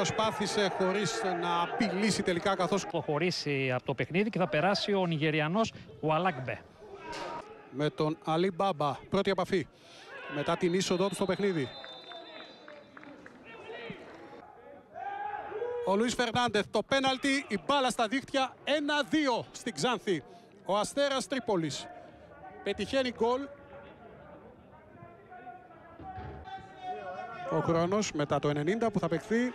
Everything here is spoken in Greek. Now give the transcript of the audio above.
προσπάθησε χωρίς να απειλήσει τελικά καθώς προχωρήσει από το παιχνίδι και θα περάσει ο Νιγεριανό Ουαλάκμπε. Με τον Αλή Μπάμπα, πρώτη επαφή μετά την είσοδό του στο παιχνίδι. Ο Λουίς Φερνάντεθ, το πέναλτι, η μπάλα στα δίχτυα, 1-2 στην Ξάνθη. Ο Αστέρας Τρίπολης πετυχαίνει γκολ. Ο χρόνος μετά το 90 που θα παιχθεί